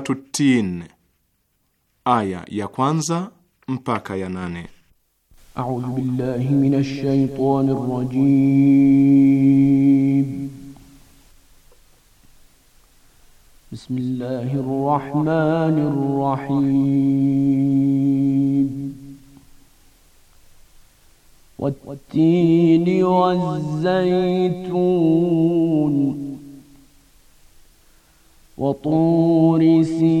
Suratu Tin, aya ya kwanza mpaka ya nane. A'udhu billahi minash rajim. Bismillahir rahmanir rahim. وطور سينين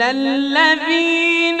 إلا الذين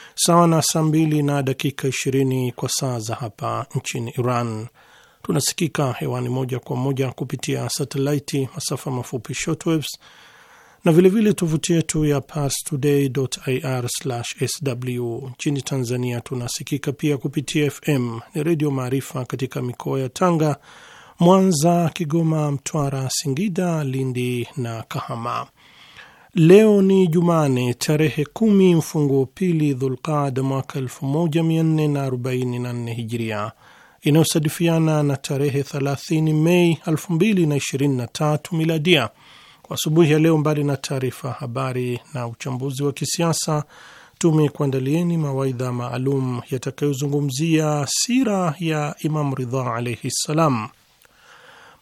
sawa na saa mbili na dakika ishirini kwa saa za hapa nchini Iran. Tunasikika hewani moja kwa moja kupitia satelaiti, masafa mafupi shortwaves na vilevile tovuti yetu ya parstoday.ir/sw. Nchini Tanzania tunasikika pia kupitia FM ni Redio Maarifa katika mikoa ya Tanga, Mwanza, Kigoma, Mtwara, Singida, Lindi na Kahama. Leo ni Jumane tarehe kumi mfunguo pili Dhulqada mwaka 1444 Hijria, inayosadifiana na tarehe 30 Mei 2023 Miladia. Kwa asubuhi ya leo, mbali na taarifa habari na uchambuzi wa kisiasa, tumekuandalieni mawaidha maalum yatakayozungumzia sira ya Imam Ridha alaihi ssalam.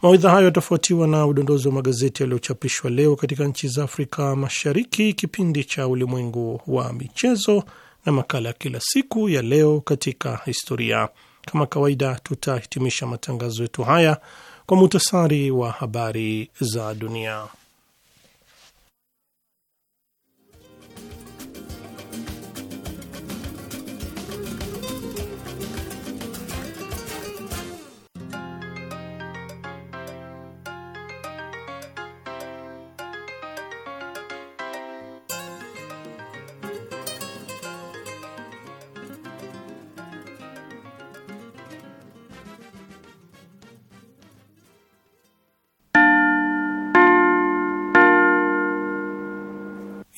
Mawaidha hayo yatafuatiwa na udondozi wa magazeti yaliyochapishwa leo katika nchi za Afrika Mashariki, kipindi cha ulimwengu wa michezo na makala ya kila siku ya leo katika historia. Kama kawaida, tutahitimisha matangazo yetu haya kwa muhtasari wa habari za dunia.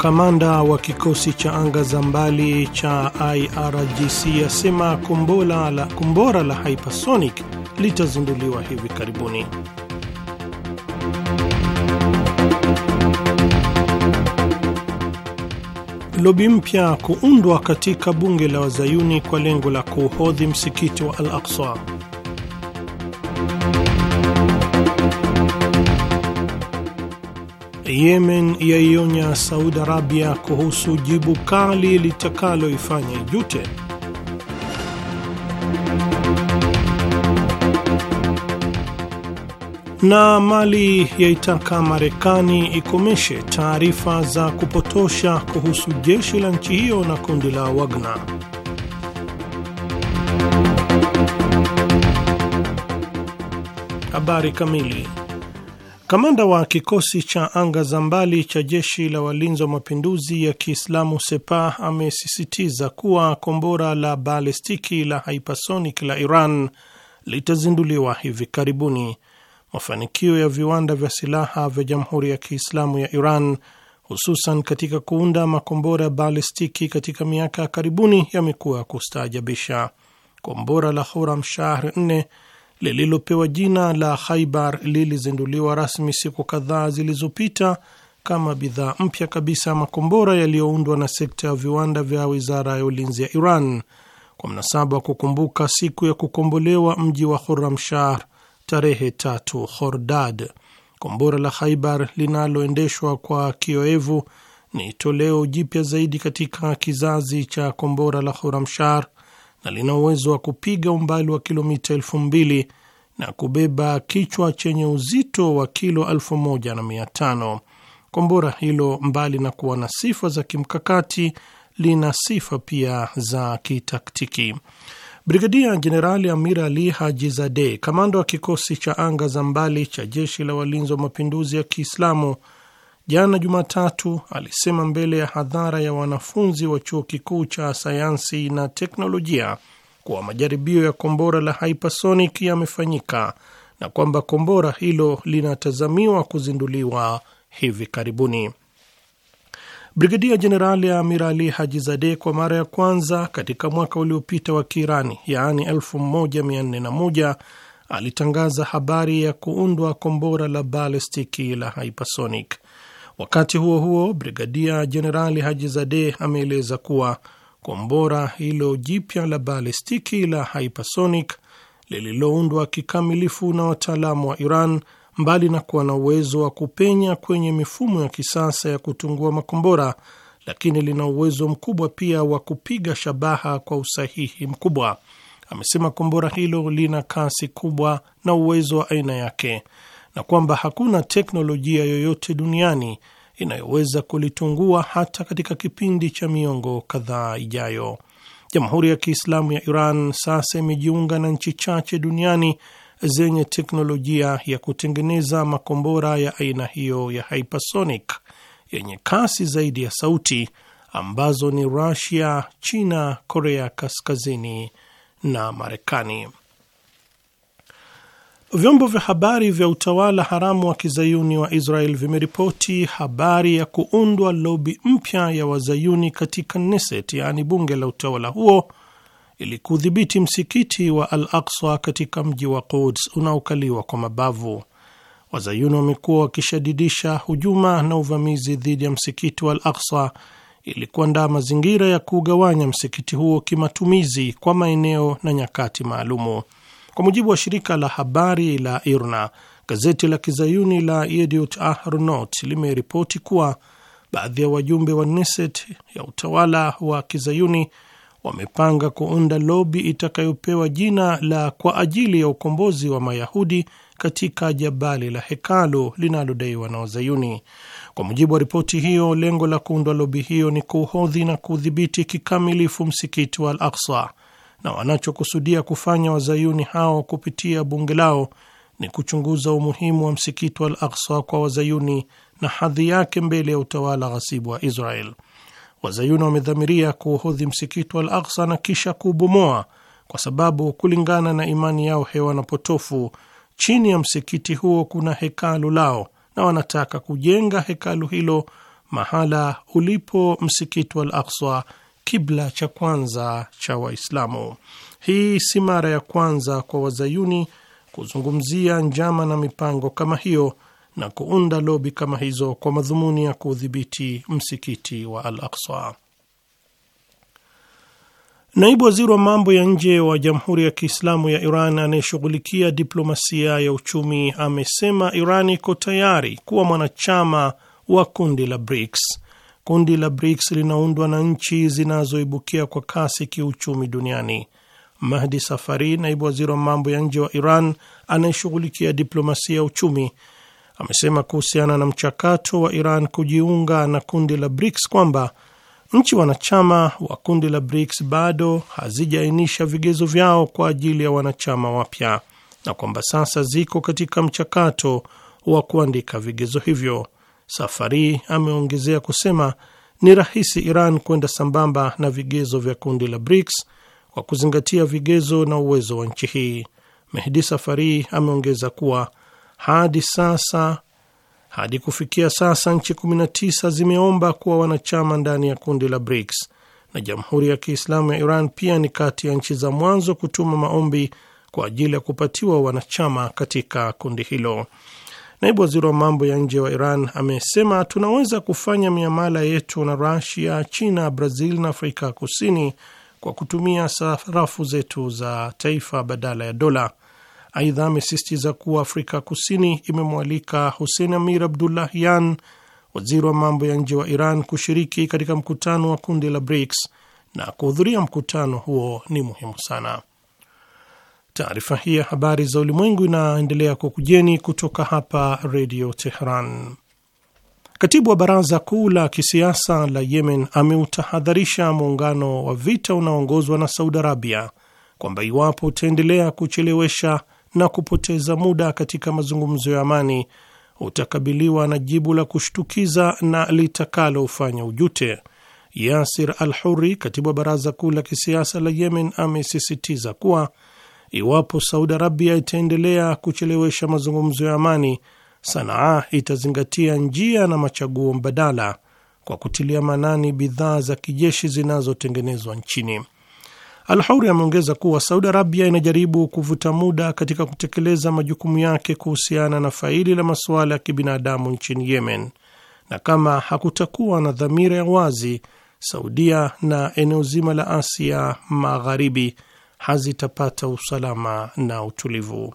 Kamanda wa kikosi cha anga za mbali cha IRGC asema kombora la, kombora la hypersonic litazinduliwa hivi karibuni. Lobi mpya kuundwa katika bunge la wazayuni kwa lengo la kuuhodhi msikiti wa Al-Aqsa. Yemen yaionya Saudi Arabia kuhusu jibu kali litakaloifanya ijute. Na Mali yaitaka Marekani ikomeshe taarifa za kupotosha kuhusu jeshi la nchi hiyo na kundi la Wagner. Habari kamili Kamanda wa kikosi cha anga za mbali cha jeshi la walinzi wa mapinduzi ya Kiislamu Sepah amesisitiza kuwa kombora la balistiki la hypersonic la Iran litazinduliwa hivi karibuni. Mafanikio ya viwanda vya silaha vya Jamhuri ya Kiislamu ya Iran, hususan katika kuunda makombora ya balistiki katika miaka ya karibuni, yamekuwa ya kustaajabisha. Kombora la horam Shahr 4 lililopewa jina la Khaibar lilizinduliwa rasmi siku kadhaa zilizopita kama bidhaa mpya kabisa ya makombora yaliyoundwa na sekta ya viwanda vya wizara ya ulinzi ya Iran kwa mnasaba wa kukumbuka siku ya kukombolewa mji wa Khurramshar tarehe tatu Khordad. Kombora la Khaibar linaloendeshwa kwa kioevu ni toleo jipya zaidi katika kizazi cha kombora la Khurramshar na lina uwezo wa kupiga umbali wa kilomita elfu mbili na kubeba kichwa chenye uzito wa kilo elfu moja na mia tano. Kombora hilo mbali na kuwa na sifa za kimkakati, lina sifa pia za kitaktiki. Brigadia Jenerali Amir Ali Haji Zade, kamanda wa kikosi cha anga za mbali cha jeshi la walinzi wa mapinduzi ya Kiislamu jana Jumatatu alisema mbele ya hadhara ya wanafunzi wa chuo kikuu cha sayansi na teknolojia kuwa majaribio ya kombora la hypersonic yamefanyika na kwamba kombora hilo linatazamiwa kuzinduliwa hivi karibuni. brigedia Jenerali ya Amir Ali Haji Zadeh kwa mara ya kwanza katika mwaka uliopita wa Kiirani, yaani 1401 alitangaza habari ya kuundwa kombora la balistiki la hypersonic. Wakati huo huo, Brigadia Jenerali Haji Zadeh ameeleza kuwa kombora hilo jipya la balistiki la hypersonic lililoundwa kikamilifu na wataalamu wa Iran, mbali na kuwa na uwezo wa kupenya kwenye mifumo ya kisasa ya kutungua makombora, lakini lina uwezo mkubwa pia wa kupiga shabaha kwa usahihi mkubwa. Amesema kombora hilo lina kasi kubwa na uwezo wa aina yake na kwamba hakuna teknolojia yoyote duniani inayoweza kulitungua hata katika kipindi cha miongo kadhaa ijayo. Jamhuri ya Kiislamu ya Iran sasa imejiunga na nchi chache duniani zenye teknolojia ya kutengeneza makombora ya aina hiyo ya hypersonic yenye kasi zaidi ya sauti ambazo ni Rusia, China, Korea Kaskazini na Marekani. Vyombo vya habari vya utawala haramu wa kizayuni wa Israel vimeripoti habari ya kuundwa lobi mpya ya wazayuni katika Knesset, yaani bunge la utawala huo, ili kudhibiti msikiti wa Al Aksa katika mji wa Quds unaokaliwa kwa mabavu. Wazayuni wamekuwa wakishadidisha hujuma na uvamizi dhidi ya msikiti wa Al Aksa ili kuandaa mazingira ya kuugawanya msikiti huo kimatumizi kwa maeneo na nyakati maalumu. Kwa mujibu wa shirika la habari la IRNA, gazeti la kizayuni la Yediot Ahronot limeripoti kuwa baadhi ya wajumbe wa Knesset ya utawala wa kizayuni wamepanga kuunda lobi itakayopewa jina la kwa ajili ya ukombozi wa Mayahudi katika jabali la hekalu linalodaiwa na Wazayuni. Kwa mujibu wa ripoti hiyo, lengo la kuundwa lobi hiyo ni kuhodhi na kudhibiti kikamilifu msikiti wa Al Aksa na wanachokusudia kufanya wazayuni hao kupitia bunge lao ni kuchunguza umuhimu wa msikiti wa Al Aksa kwa wazayuni na hadhi yake mbele ya utawala ghasibu wa Israel. Wazayuni wamedhamiria kuuhodhi msikiti wa Al Aksa na kisha kuubomoa, kwa sababu kulingana na imani yao hewa na potofu, chini ya msikiti huo kuna hekalu lao, na wanataka kujenga hekalu hilo mahala ulipo msikiti wa Al Aksa kibla cha kwanza cha Waislamu. Hii si mara ya kwanza kwa wazayuni kuzungumzia njama na mipango kama hiyo na kuunda lobi kama hizo kwa madhumuni ya kuudhibiti msikiti wa Al Aqsa. Naibu waziri wa mambo ya nje wa Jamhuri ya Kiislamu ya Iran anayeshughulikia diplomasia ya uchumi amesema Iran iko tayari kuwa mwanachama wa kundi la BRICS Kundi la BRICS linaundwa na nchi zinazoibukia kwa kasi kiuchumi duniani. Mahdi Safari, naibu waziri wa mambo ya nje wa Iran anayeshughulikia diplomasia ya uchumi, amesema kuhusiana na mchakato wa Iran kujiunga na kundi la BRICS kwamba nchi wanachama wa kundi la BRICS bado hazijaainisha vigezo vyao kwa ajili ya wanachama wapya na kwamba sasa ziko katika mchakato wa kuandika vigezo hivyo. Safari ameongezea kusema ni rahisi Iran kwenda sambamba na vigezo vya kundi la BRICS kwa kuzingatia vigezo na uwezo wa nchi hii. Mehdi Safari ameongeza kuwa hadi sasa hadi kufikia sasa nchi 19 zimeomba kuwa wanachama ndani ya kundi la BRICS na Jamhuri ya Kiislamu ya Iran pia ni kati ya nchi za mwanzo kutuma maombi kwa ajili ya kupatiwa wanachama katika kundi hilo. Naibu waziri wa mambo ya nje wa Iran amesema tunaweza kufanya miamala yetu na Rusia, China, Brazil na Afrika Kusini kwa kutumia sarafu zetu za taifa badala ya dola. Aidha, amesisitiza kuwa Afrika Kusini imemwalika Hussein Amir Abdullahian, waziri wa mambo ya nje wa Iran, kushiriki katika mkutano wa kundi la BRICS na kuhudhuria mkutano huo ni muhimu sana. Taarifa hii ya habari za ulimwengu inaendelea kwa kujeni kutoka hapa Redio Teheran. Katibu wa baraza kuu la kisiasa la Yemen ameutahadharisha muungano wa vita unaoongozwa na Saudi Arabia kwamba iwapo utaendelea kuchelewesha na kupoteza muda katika mazungumzo ya amani utakabiliwa na jibu la kushtukiza na litakalofanya ujute. Yasir Al Huri, katibu wa baraza kuu la kisiasa la Yemen, amesisitiza kuwa Iwapo Saudi Arabia itaendelea kuchelewesha mazungumzo ya amani, Sanaa itazingatia njia na machaguo mbadala kwa kutilia maanani bidhaa za kijeshi zinazotengenezwa nchini. Alhauri ameongeza kuwa Saudi Arabia inajaribu kuvuta muda katika kutekeleza majukumu yake kuhusiana na faili la masuala ya kibinadamu nchini Yemen, na kama hakutakuwa na dhamira ya wazi, Saudia na eneo zima la Asia Magharibi hazitapata usalama na utulivu.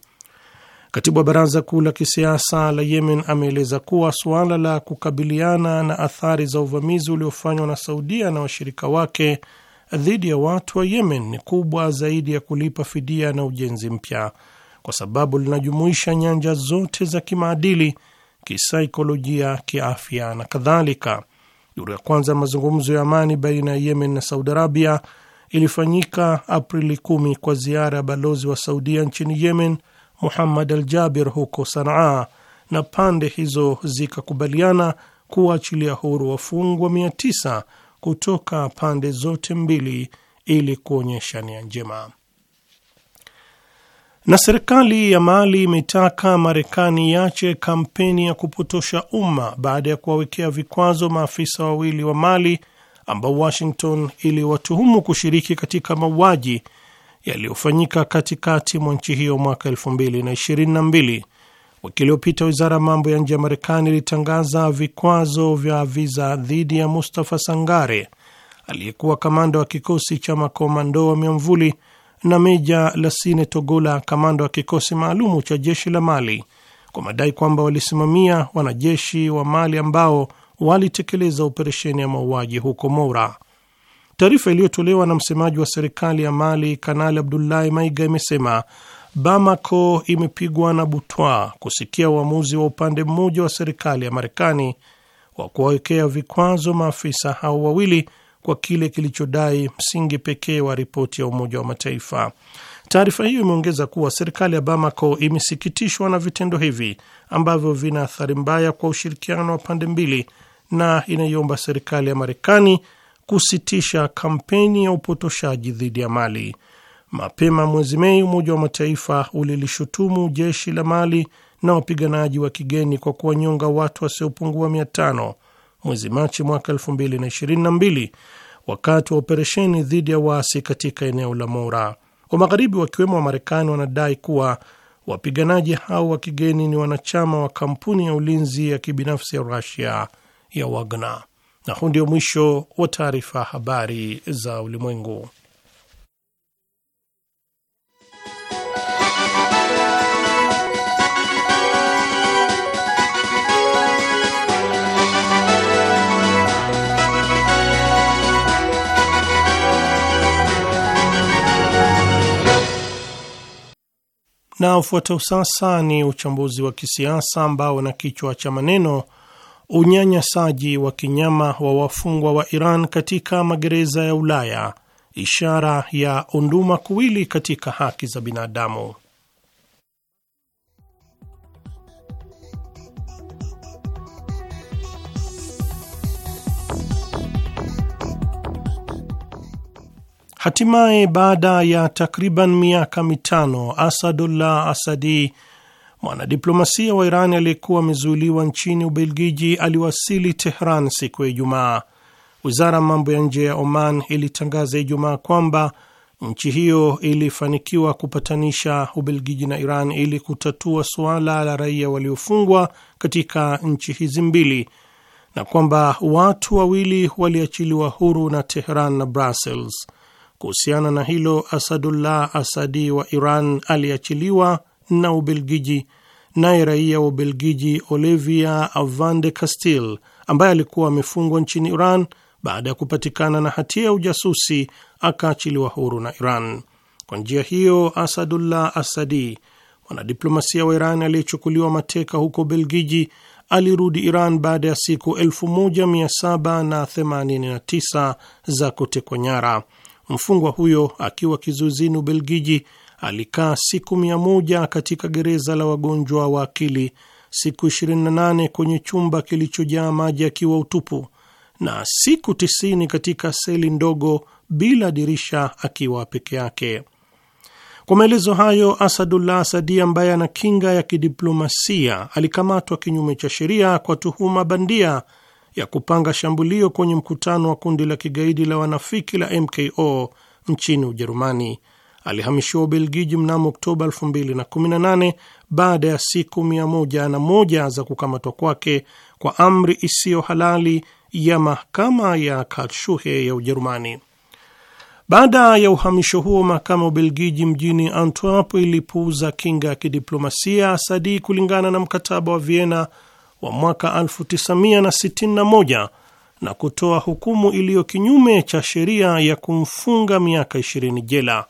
Katibu wa baraza kuu la kisiasa la Yemen ameeleza kuwa suala la kukabiliana na athari za uvamizi uliofanywa na Saudia na washirika wake dhidi ya watu wa Yemen ni kubwa zaidi ya kulipa fidia na ujenzi mpya, kwa sababu linajumuisha nyanja zote za kimaadili, kisaikolojia, kiafya na kadhalika. Duru ya kwanza mazungumzo ya amani baina ya Yemen na Saudi Arabia ilifanyika Aprili 10 kwa ziara ya balozi wa Saudia nchini Yemen, Muhammad Al Jaber, huko Sanaa, na pande hizo zikakubaliana kuwaachilia huru wafungwa 9 kutoka pande zote mbili ili kuonyesha nia njema. Na serikali ya Mali imetaka Marekani iache kampeni ya kupotosha umma baada ya kuwawekea vikwazo maafisa wawili wa Mali ambao Washington iliwatuhumu kushiriki katika mauaji yaliyofanyika katikati mwa nchi hiyo mwaka 2022. Wiki iliyopita wizara ya mambo ya nje ya Marekani ilitangaza vikwazo vya viza dhidi ya Mustafa Sangare aliyekuwa kamanda wa kikosi cha makomando wa miamvuli na Meja lasine Togola, kamanda wa kikosi maalumu cha jeshi la Mali kwa madai kwamba walisimamia wanajeshi wa Mali ambao walitekeleza operesheni ya mauaji huko Moura. Taarifa iliyotolewa na msemaji wa serikali ya Mali, Kanali Abdullahi Maiga, imesema Bamako imepigwa na butwa kusikia uamuzi wa upande mmoja wa serikali ya Marekani wa kuwawekea vikwazo maafisa hao wawili kwa kile kilichodai msingi pekee wa ripoti ya Umoja wa Mataifa. Taarifa hiyo imeongeza kuwa serikali ya Bamako imesikitishwa na vitendo hivi ambavyo vina athari mbaya kwa ushirikiano wa pande mbili na inaiomba serikali ya Marekani kusitisha kampeni ya upotoshaji dhidi ya Mali. Mapema mwezi Mei, Umoja wa Mataifa ulilishutumu jeshi la Mali na wapiganaji wa kigeni kwa kuwanyonga watu wasiopungua mia tano mwezi Machi mwaka mbili wakati wa operesheni dhidi ya waasi katika eneo la Mora. Wa magharibi wakiwemo Wamarekani wanadai kuwa wapiganaji hao wa kigeni ni wanachama wa kampuni ya ulinzi ya kibinafsi ya Rusia ya wagna Na huu ndio mwisho wa taarifa habari za ulimwengu. Na ufuatao sasa ni uchambuzi wa kisiasa ambao na kichwa cha maneno unyanyasaji wa kinyama wa wafungwa wa Iran katika magereza ya Ulaya, ishara ya unduma kuwili katika haki za binadamu. Hatimaye, baada ya takriban miaka mitano, Asadullah Asadi mwanadiplomasia wa Iran aliyekuwa amezuiliwa nchini Ubelgiji aliwasili Tehran siku ya Ijumaa. Wizara ya mambo ya nje ya Oman ilitangaza Ijumaa kwamba nchi hiyo ilifanikiwa kupatanisha Ubelgiji na Iran ili kutatua suala la raia waliofungwa katika nchi hizi mbili na kwamba watu wawili waliachiliwa huru na Tehran na Brussels. Kuhusiana na hilo, Asadullah Asadi wa Iran aliachiliwa na Ubelgiji naye raia wa Ubelgiji Olivia Van de Castil ambaye alikuwa amefungwa nchini Iran baada ya kupatikana na hatia ya ujasusi akaachiliwa huru na Iran. Kwa njia hiyo, Asadullah Asadi, mwanadiplomasia wa Iran aliyechukuliwa mateka huko Belgiji, alirudi Iran baada ya siku 1789 za kutekwa nyara. Mfungwa huyo akiwa kizuizini Ubelgiji alikaa siku mia moja katika gereza la wagonjwa wa akili, siku 28 kwenye chumba kilichojaa maji akiwa utupu, na siku tisini katika seli ndogo bila dirisha akiwa peke yake. Kwa maelezo hayo, Asadullah Asadi ambaye ana kinga ya kidiplomasia alikamatwa kinyume cha sheria kwa tuhuma bandia ya kupanga shambulio kwenye mkutano wa kundi la kigaidi la wanafiki la MKO nchini Ujerumani alihamishiwa Ubelgiji mnamo Oktoba 2018 baada ya siku 101 za kukamatwa kwake kwa amri isiyo halali ya mahakama ya Karlsruhe ya Ujerumani. Baada ya uhamisho huo, mahakama ya Ubelgiji mjini Antwerp ilipuuza kinga ya kidiplomasia Sadii kulingana na mkataba wa Vienna wa mwaka 1961 na kutoa hukumu iliyo kinyume cha sheria ya kumfunga miaka 20 jela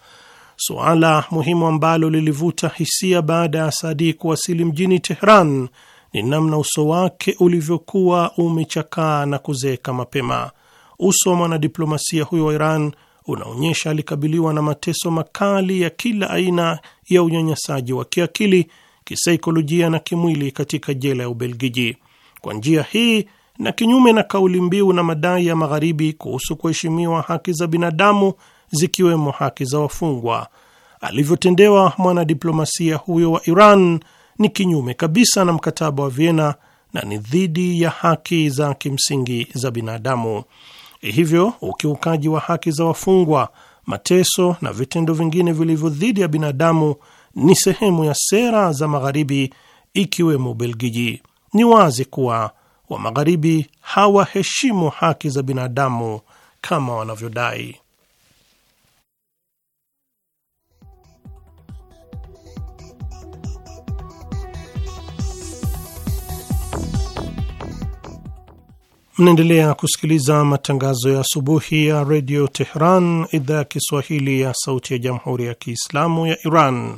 suala muhimu ambalo lilivuta hisia baada ya Sadi kuwasili mjini Tehran ni namna uso wake ulivyokuwa umechakaa na kuzeeka mapema. Uso wa mwanadiplomasia huyo wa Iran unaonyesha alikabiliwa na mateso makali ya kila aina ya unyanyasaji wa kiakili, kisaikolojia na kimwili katika jela ya Ubelgiji. Kwa njia hii na kinyume na kauli mbiu na madai ya Magharibi kuhusu kuheshimiwa haki za binadamu zikiwemo haki za wafungwa. Alivyotendewa mwanadiplomasia huyo wa Iran ni kinyume kabisa na mkataba wa Vienna na ni dhidi ya haki za kimsingi za binadamu. Eh, hivyo ukiukaji wa haki za wafungwa, mateso na vitendo vingine vilivyo dhidi ya binadamu ni sehemu ya sera za Magharibi, ikiwemo Ubelgiji. Ni wazi kuwa wa Magharibi hawaheshimu haki za binadamu kama wanavyodai. Mnaendelea kusikiliza matangazo ya asubuhi ya redio Tehran, idhaa ya Kiswahili ya sauti ya jamhuri ya kiislamu ya Iran.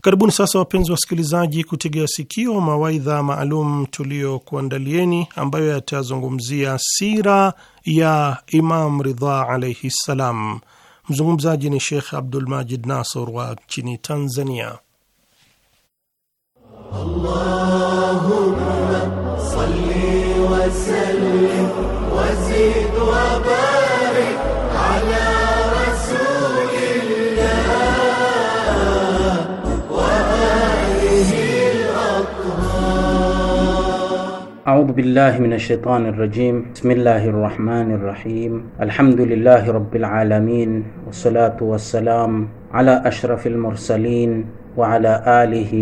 Karibuni sasa, wapenzi wasikilizaji, kutegea sikio mawaidha maalum tuliyokuandalieni ambayo yatazungumzia sira ya Imam Ridha alaihi ssalam. Mzungumzaji ni Sheikh Abdulmajid Nasor wa nchini Tanzania. Allahumma. وسلم وزد وبارك على رسول الله وآله الأطهار أعوذ بالله من الشيطان الرجيم بسم الله الرحمن الرحيم الحمد لله رب العالمين والصلاة والسلام على أشرف المرسلين وعلى آله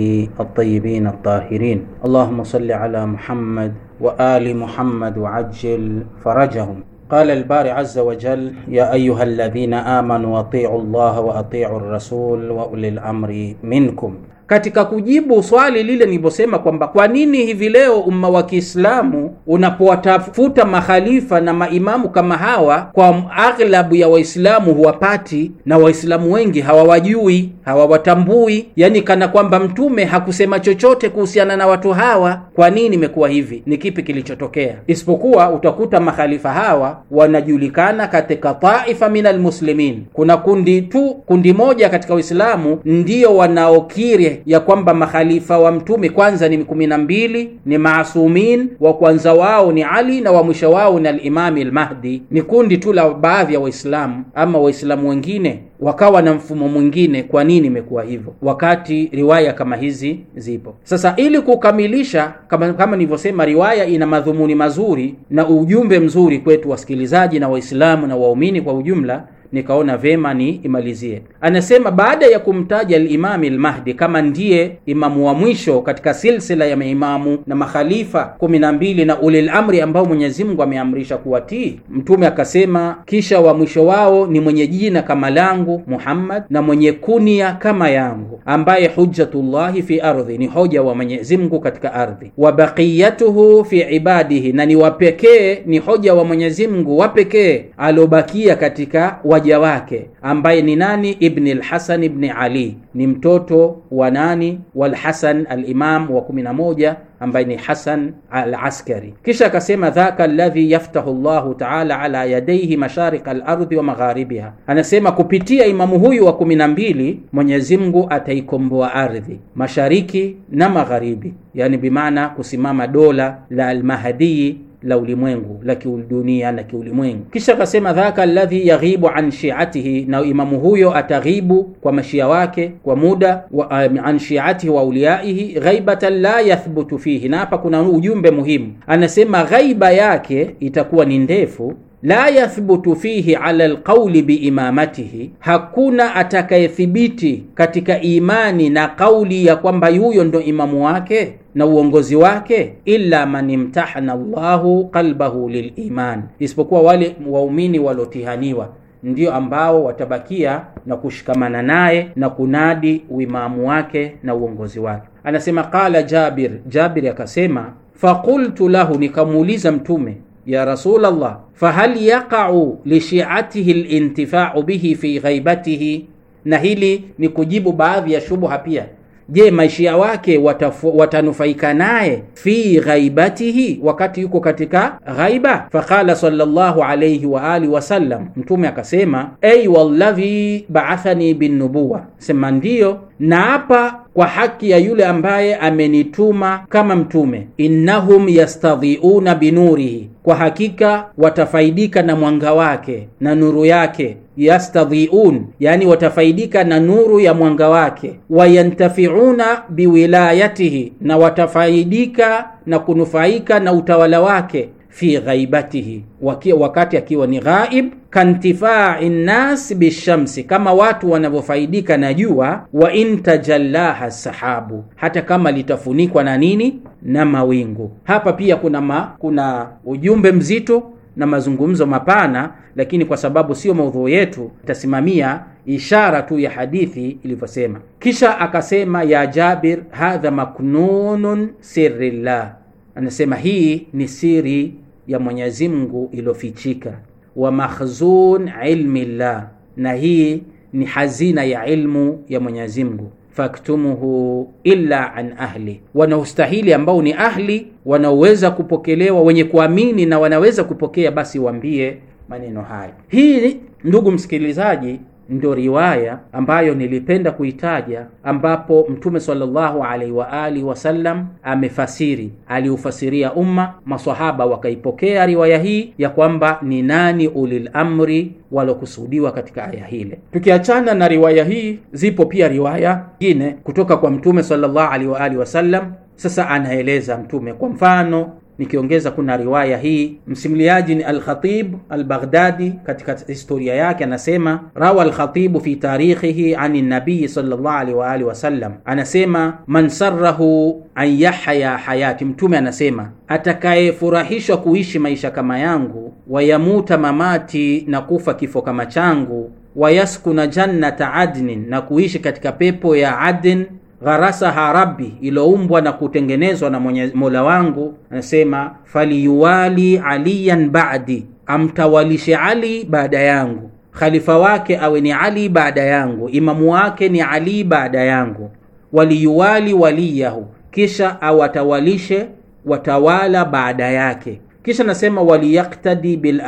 الطيبين الطاهرين اللهم صل على محمد وآل محمد وعجل فرجهم قال الباري عز وجل يا أيها الذين آمنوا أطيعوا الله وأطيعوا الرسول وأولي الأمر منكم katika kujibu swali lile nilivyosema kwamba kwa nini hivi leo umma wa Kiislamu unapowatafuta makhalifa na maimamu kama hawa, kwa aghlabu ya Waislamu huwapati na Waislamu wengi hawawajui, hawawatambui, yani kana kwamba Mtume hakusema chochote kuhusiana na watu hawa. Kwa nini imekuwa hivi? Ni kipi kilichotokea? Isipokuwa utakuta makhalifa hawa wanajulikana katika taifa minal muslimin, kuna kundi tu, kundi moja katika Uislamu ndio wanaokiri ya kwamba makhalifa wa mtume kwanza ni kumi na mbili ni maasumin, wa kwanza wao ni Ali na wa mwisho wao ni alimami al-Mahdi. Ni kundi tu la baadhi ya Waislamu, ama Waislamu wengine wakawa na mfumo mwingine. Kwa nini imekuwa hivyo, wakati riwaya kama hizi zipo? Sasa ili kukamilisha, kama, kama nilivyosema, riwaya ina madhumuni mazuri na ujumbe mzuri kwetu wasikilizaji na Waislamu na waumini kwa ujumla nikaona vema ni imalizie. Anasema baada ya kumtaja al-Imam al-Mahdi kama ndiye imamu wa mwisho katika silsila ya maimamu na makhalifa kumi na mbili na ulil amri ambao Mwenyezi Mungu ameamrisha kuwatii, mtume akasema, kisha wa mwisho wao ni mwenye jina kama langu Muhammad na mwenye kunia kama yangu, ambaye hujjatullahi fi ardhi, ni hoja wa Mwenyezi Mungu katika ardhi, wa baqiyatuhu fi ibadihi, na ni wapekee, ni hoja wa Mwenyezi Mungu wapekee aliobakia katika wa mmoja wake ambaye ni nani? Ibni al-Hasan ibni Ali, ni mtoto wa nani? Walhasan al-Imam wa 11 ambaye ni Hasan al-Askari. Kisha akasema dhaka alladhi yaftahu llahu taala ala yadayhi masharika al wa magharibiha, anasema kupitia imamu huyu wa 12 Mwenyezi Mungu ataikomboa ardhi mashariki na magharibi, yani bimaana kusimama dola la al-Mahdi la ulimwengu la kidunia la kiulimwengu. Kisha akasema dhaka alladhi yaghibu an shiatihi, na imamu huyo ataghibu kwa mashia wake kwa muda wa, um, an shiatihi wa auliaihi ghaibatan la yathbutu fihi. Na hapa kuna ujumbe muhimu, anasema ghaiba yake itakuwa ni ndefu la yathbutu fihi ala lqauli biimamatihi, hakuna atakayethibiti katika imani na kauli ya kwamba yuyo ndo imamu wake na uongozi wake, illa man imtahana Allahu qalbahu liliman, isipokuwa wale waumini walotihaniwa ndio ambao watabakia na kushikamana naye na kunadi uimamu wake na uongozi wake. Anasema qala Jabir, Jabir akasema, fakultu lahu, nikamuuliza Mtume ya rasul fahal yaqau lishiatihi lintifau bihi fi ghaibatihi, na hili ni kujibu baadhi ya shubuha pia. Je, maishia wake watafu, watanufaika naye fi ghaibatihi, wakati yuko katika ghaiba? Faqala sallallahu alayhi wa alihi wasallam, mtume akasema: ay wallahi ba'athani bin nubuwa, sema ndiyo na hapa kwa haki ya yule ambaye amenituma kama mtume, innahum yastadhiuna binurihi, kwa hakika watafaidika na mwanga wake na nuru yake. Yastadhiun, yani watafaidika na nuru ya mwanga wake. Wayantafiuna biwilayatihi, na watafaidika na kunufaika na utawala wake fi ghaibatihi, wakati akiwa ni ghaib. Kantifai nnas bishamsi, kama watu wanavyofaidika na jua. Wa intajallaha sahabu, hata kama litafunikwa na nini, na mawingu. Hapa pia kuna ma, kuna ujumbe mzito na mazungumzo mapana, lakini kwa sababu sio maudhuo yetu, tasimamia ishara tu ya hadithi ilivyosema. Kisha akasema ya Jabir, hadha maknunun sirrillah, anasema hii ni siri ya Mwenyezi Mungu iliyofichika, wa mahzun ilmi llah, na hii ni hazina ya ilmu ya Mwenyezi Mungu faktumuhu illa an ahli, wanaostahili ambao ni ahli, wanaoweza kupokelewa, wenye kuamini na wanaweza kupokea, basi waambie maneno hayo. Hii ndugu msikilizaji ndio riwaya ambayo nilipenda kuitaja, ambapo Mtume sallallahu alaihi wa alihi wasallam amefasiri, aliufasiria umma. Masahaba wakaipokea riwaya hii ya kwamba ni nani ulil amri walokusudiwa katika aya hile. Tukiachana na riwaya hii, zipo pia riwaya nyingine kutoka kwa Mtume sallallahu alaihi wa alihi wasallam. Sasa anaeleza Mtume, kwa mfano Nikiongeza kuna riwaya hii, msimuliaji ni Alkhatib Albaghdadi. Katika historia yake anasema rawa Alkhatibu fi tarikhihi ani nabii sallallahu alaihi wa alihi wasallam, anasema man sarrahu an yahya hayati, Mtume anasema atakayefurahishwa kuishi maisha kama yangu, wayamuta mamati, na kufa kifo kama changu, wayaskuna jannata adnin, na kuishi katika pepo ya Adn gharasaha rabbi, iloumbwa na kutengenezwa na mwenye mola wangu. Anasema faliyuwali aliyan ba'di, amtawalishe Ali baada yangu. Khalifa wake awe ni Ali baada yangu, imamu wake ni Ali baada yangu. Waliyuwali waliyahu, kisha awatawalishe watawala baada yake. Kisha nasema waliyaktadi bil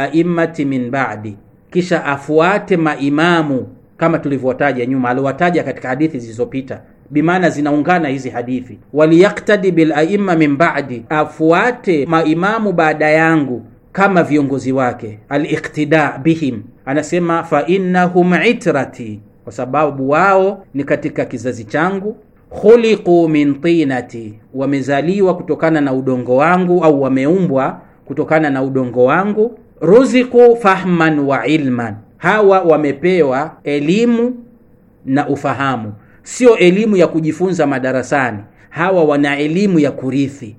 min ba'di, kisha afuate maimamu kama tulivyotaja nyuma, aliwataja katika hadithi zilizopita bimaana zinaungana hizi hadithi, waliyaktadi bil aimma min ba'di, afuate maimamu baada yangu kama viongozi wake. Aliqtida bihim, anasema fa innahum itrati, kwa sababu wao ni katika kizazi changu. Khuliqu min tinati, wamezaliwa kutokana na udongo wangu, au wameumbwa kutokana na udongo wangu. Ruziku fahman wa ilman, hawa wamepewa elimu na ufahamu sio elimu ya kujifunza madarasani hawa wana elimu ya kurithi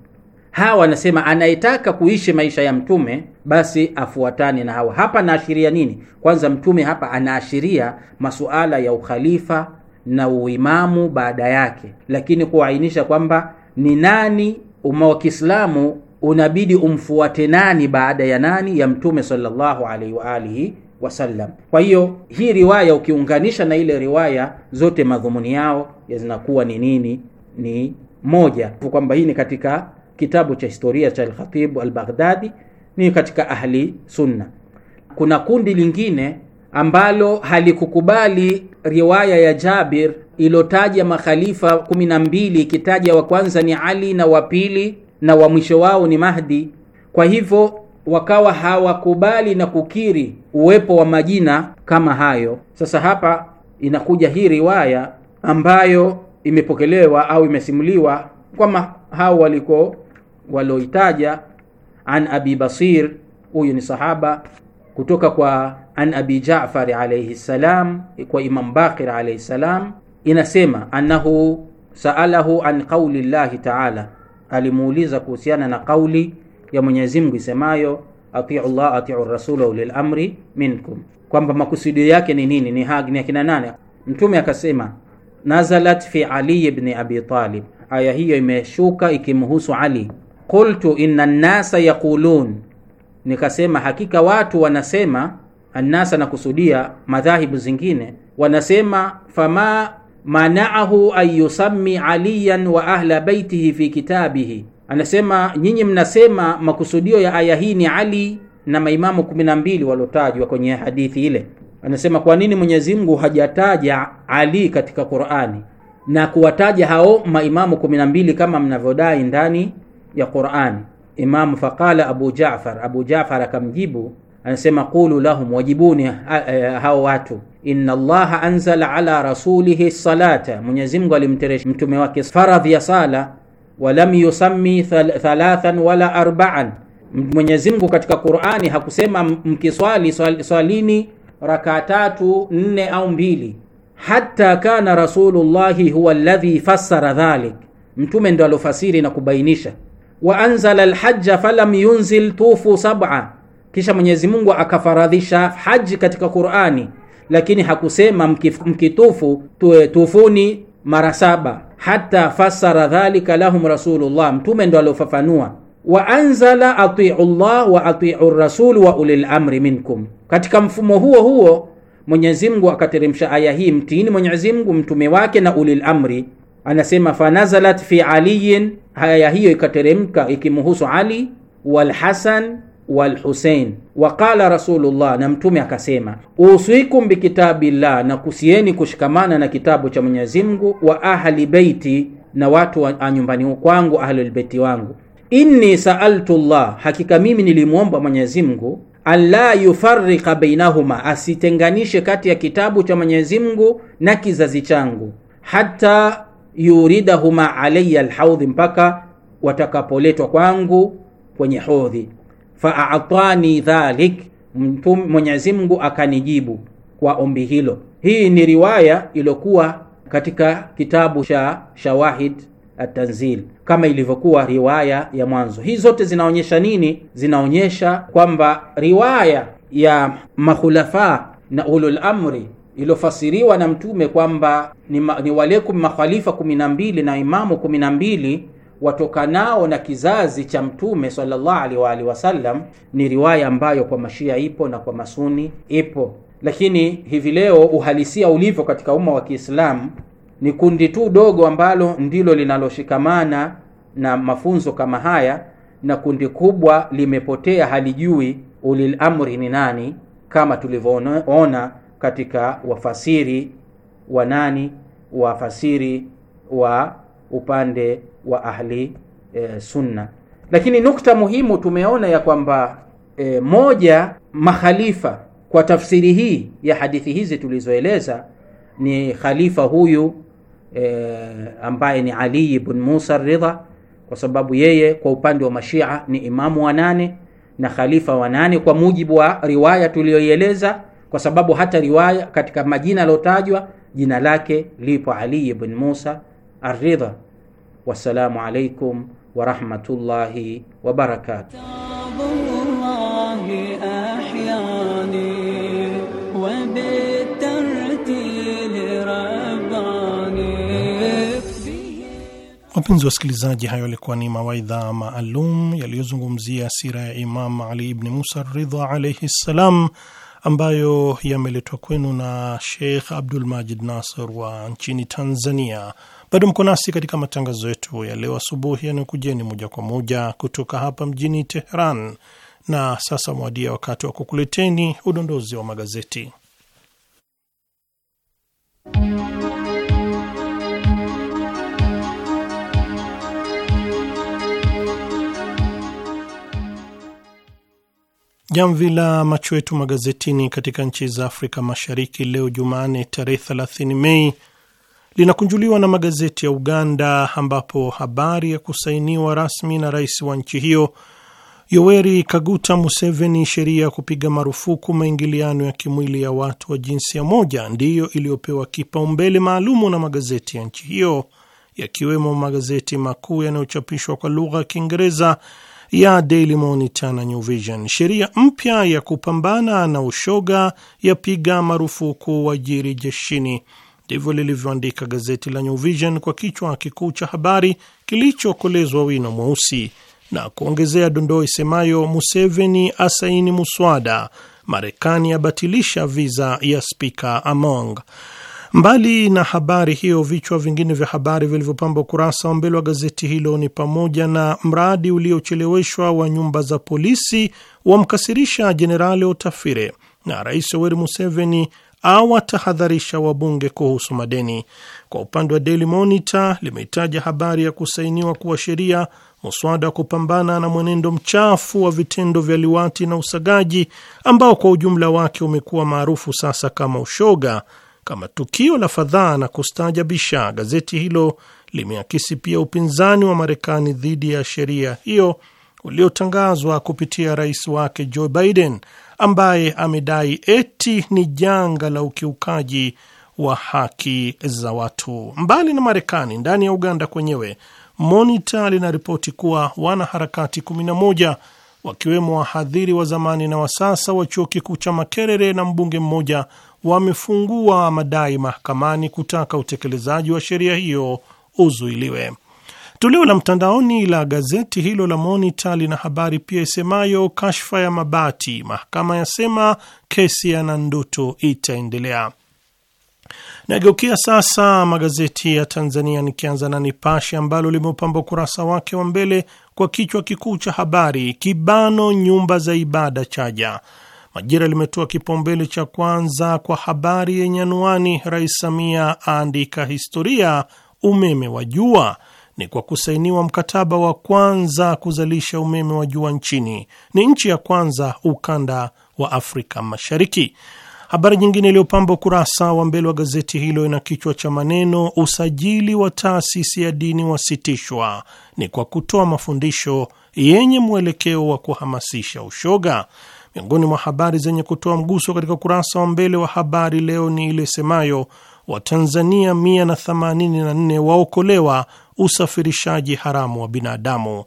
hawa wanasema anayetaka kuishi maisha ya mtume basi afuatane na hawa hapa anaashiria nini kwanza mtume hapa anaashiria masuala ya ukhalifa na uimamu baada yake lakini kuainisha kwamba ni nani umma wa kiislamu unabidi umfuate nani baada ya nani ya mtume sallallahu alaihi alihi wasallam. Kwa hiyo hii riwaya ukiunganisha na ile riwaya zote, madhumuni yao ya zinakuwa ni nini? Ni moja, kwamba hii ni katika kitabu cha historia cha Al-Khatib Al-Baghdadi, ni katika ahli sunna. Kuna kundi lingine ambalo halikukubali riwaya ya Jabir ilotaja makhalifa kumi na mbili ikitaja wa kwanza ni Ali na wa pili na wa mwisho wao ni Mahdi. Kwa hivyo wakawa hawakubali na kukiri uwepo wa majina kama hayo. Sasa hapa inakuja hii riwaya ambayo imepokelewa au imesimuliwa kwamba hao waliko walioitaja an Abi Basir, huyu ni sahaba kutoka kwa an Abi Jaafar alayhi salam, kwa Imam Baqir alayhi salam, inasema annahu saalahu an qauli llahi taala, alimuuliza kuhusiana na kauli ya Mwenyezi Mungu isemayo atiu Allah atiu rasul wa ulil amri minkum, kwamba makusudio yake ni nini? Ni haki ni akina nani? Mtume akasema nazalat fi Ali ibn Abi Talib, aya hiyo imeshuka ikimhusu Ali. Qultu inna nasa yaqulun, nikasema hakika watu wanasema. Annasa nakusudia madhahibu zingine, wanasema fama manaahu an yusammi aliyan wa ahla baitihi fi kitabihi anasema nyinyi mnasema makusudio ya aya hii ni Ali na maimamu 12 waliotajwa kwenye hadithi ile. Anasema kwa nini Mwenyezi Mungu hajataja Ali katika Qur'ani na kuwataja hao maimamu 12 kama mnavyodai ndani ya Qur'ani? Imamu faqala Abu jafar Abu jafar akamjibu anasema qulu lahum, wajibuni eh, eh, hao watu, inna Allaha anzala ala rasulihi salata, Mwenyezi Mungu alimteresha mtume wake faradhi ya sala walam yusammi thalathan wala arba'an. Mwenyezi Mungu katika Qur'ani hakusema mkiswali swal, swalini rakaa tatu nne au mbili. Hatta kana rasulullahi huwa alladhi fassara dhalik, mtume ndo alofasiri na kubainisha. Wa anzala alhajja falam yunzil tufu sab'a, kisha Mwenyezi Mungu akafaradhisha haji katika Qur'ani, lakini hakusema mkitufu tufuni mara saba hata fasara dhalika lahum rasulullah, mtume ndo aliofafanua. Wa anzala atiu llah wa atiu rasul wa ulil amri minkum. Katika mfumo huo huo Mwenyezi Mungu akateremsha aya hii, mtiini Mwenyezi Mungu mtume wake na ulil amri. Anasema fanazalat fi aliyin, aya hiyo ikateremka ikimhusu Ali wal Hasan walhusein waqala rasulullah, na mtume akasema, usikum bikitabillah, na kusieni kushikamana na kitabu cha Mwenyezi Mungu, wa ahli beiti, na watu wa nyumbani kwangu, ahlulbeiti wangu. Inni saaltu llah, hakika mimi nilimwomba Mwenyezi Mungu an la yufarriqa bainahuma, asitenganishe kati ya kitabu cha Mwenyezi Mungu na kizazi changu, hata yuridahuma alaya lhaudhi mpaka watakapoletwa kwangu kwenye hodhi faatani dhalik, Mwenyezi Mungu akanijibu kwa ombi hilo. Hii ni riwaya iliyokuwa katika kitabu cha Shawahid Atanzil kama ilivyokuwa riwaya ya mwanzo. Hii zote zinaonyesha nini? Zinaonyesha kwamba riwaya ya makhulafa na ulul amri iliyofasiriwa na Mtume kwamba ni, ni wale makhalifa kumi na mbili na imamu kumi na mbili watokanao na kizazi cha Mtume sallallahu alaihi wa alihi wasallam ni riwaya ambayo kwa mashia ipo na kwa masuni ipo, lakini hivi leo uhalisia ulivyo katika umma wa Kiislamu ni kundi tu dogo ambalo ndilo linaloshikamana na mafunzo kama haya, na kundi kubwa limepotea, halijui ulil amri ni nani, kama tulivyoona katika wafasiri wa nani, wafasiri wa upande wa ahli e, sunna. Lakini nukta muhimu tumeona ya kwamba e, moja makhalifa kwa tafsiri hii ya hadithi hizi tulizoeleza ni khalifa huyu e, ambaye ni Ali ibn Musa Ridha, kwa sababu yeye kwa upande wa mashia ni imamu wa nane na khalifa wa nane kwa mujibu wa riwaya tuliyoieleza, kwa sababu hata riwaya katika majina yalotajwa jina lake lipo Ali ibn Musa Aridha wassalamu alaikum warahmatullahi wabarakatuh. Wapenzi wasikilizaji, hayo yalikuwa ni mawaidha maalum yaliyozungumzia sira ya Imam Ali ibni Musa Ridha alaihi ssalam, ambayo yameletwa kwenu na Sheikh Abdul Majid Nasr wa nchini Tanzania. Bado mko nasi katika matangazo yetu ya leo asubuhi yanayokujeni moja kwa moja kutoka hapa mjini Teheran, na sasa mwadia wakati wa kukuleteni udondozi wa magazeti. Jamvi la macho yetu magazetini katika nchi za Afrika Mashariki leo Jumanne tarehe 30 Mei linakunjuliwa na magazeti ya Uganda ambapo habari ya kusainiwa rasmi na rais wa nchi hiyo Yoweri Kaguta Museveni sheria ya kupiga marufuku maingiliano ya kimwili ya watu wa jinsia moja ndiyo iliyopewa kipaumbele maalumu na magazeti ya nchi hiyo yakiwemo magazeti makuu yanayochapishwa kwa lugha ya Kiingereza ya Daily Monitor na New Vision. Sheria mpya ya kupambana na ushoga yapiga marufuku wajiri jeshini Ndivyo lilivyoandika gazeti la New Vision kwa kichwa kikuu cha habari kilichokolezwa wino mweusi na kuongezea dondoo isemayo Museveni asaini muswada, Marekani abatilisha viza ya spika Among. Mbali na habari hiyo, vichwa vingine vya habari vilivyopamba ukurasa wa mbele wa gazeti hilo ni pamoja na mradi uliocheleweshwa wa nyumba za polisi wamkasirisha Jenerali Otafire na Rais Yoweri Museveni awatahadharisha wabunge kuhusu madeni. Kwa upande wa Daily Monitor limeitaja habari ya kusainiwa kuwa sheria muswada wa kupambana na mwenendo mchafu wa vitendo vya liwati na usagaji ambao kwa ujumla wake umekuwa maarufu sasa kama ushoga kama tukio la fadhaa na kustaajabisha. Gazeti hilo limeakisi pia upinzani wa Marekani dhidi ya sheria hiyo uliotangazwa kupitia rais wake Joe Biden ambaye amedai eti ni janga la ukiukaji wa haki za watu. Mbali na Marekani, ndani ya Uganda kwenyewe Monita linaripoti kuwa wanaharakati 11 wakiwemo wahadhiri wa zamani na wasasa wa chuo kikuu cha Makerere na mbunge mmoja wamefungua madai mahakamani kutaka utekelezaji wa sheria hiyo uzuiliwe. Toleo la mtandaoni la gazeti hilo la Monita lina habari pia isemayo kashfa ya mabati, mahakama yasema kesi ya Nandutu itaendelea. Nageukia sasa magazeti ya Tanzania, nikianza na Nipashe ambalo limeupamba ukurasa wake wa mbele kwa kichwa kikuu cha habari, kibano nyumba za ibada chaja. Majira limetoa kipaumbele cha kwanza kwa habari yenye anwani, Rais Samia aandika historia umeme wa jua ni kwa kusainiwa mkataba wa kwanza kuzalisha umeme wa jua nchini. Ni nchi ya kwanza ukanda wa Afrika Mashariki. Habari nyingine iliyopamba ukurasa wa mbele wa gazeti hilo ina kichwa cha maneno usajili wa taasisi ya dini wasitishwa, ni kwa kutoa mafundisho yenye mwelekeo wa kuhamasisha ushoga. Miongoni mwa habari zenye kutoa mguso katika ukurasa wa mbele wa Habari Leo ni ile semayo Watanzania 184 waokolewa usafirishaji haramu wa binadamu.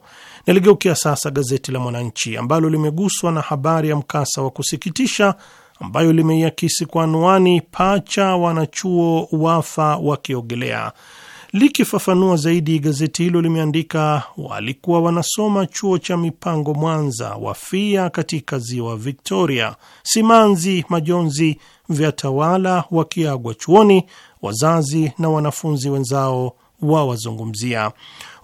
Naligeukia sasa gazeti la Mwananchi ambalo limeguswa na habari ya mkasa wa kusikitisha ambayo limeiakisi kwa anwani pacha wanachuo wafa wakiogelea. Likifafanua zaidi, gazeti hilo limeandika walikuwa wanasoma chuo cha mipango Mwanza wafia katika ziwa Victoria. Simanzi majonzi vya tawala wakiagwa chuoni, wazazi na wanafunzi wenzao wawazungumzia.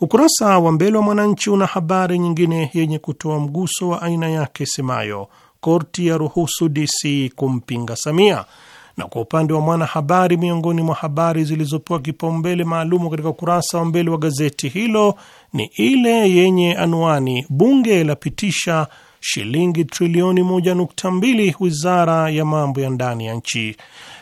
Ukurasa wa mbele wa Mwananchi una habari nyingine yenye kutoa mguso wa aina yake semayo, korti ya ruhusu DC kumpinga Samia. Na kwa upande wa Mwanahabari, miongoni mwa habari zilizopewa kipaumbele maalumu katika ukurasa wa mbele wa gazeti hilo ni ile yenye anwani, bunge lapitisha shilingi trilioni 1.2 wizara ya mambo ya ndani ya nchi.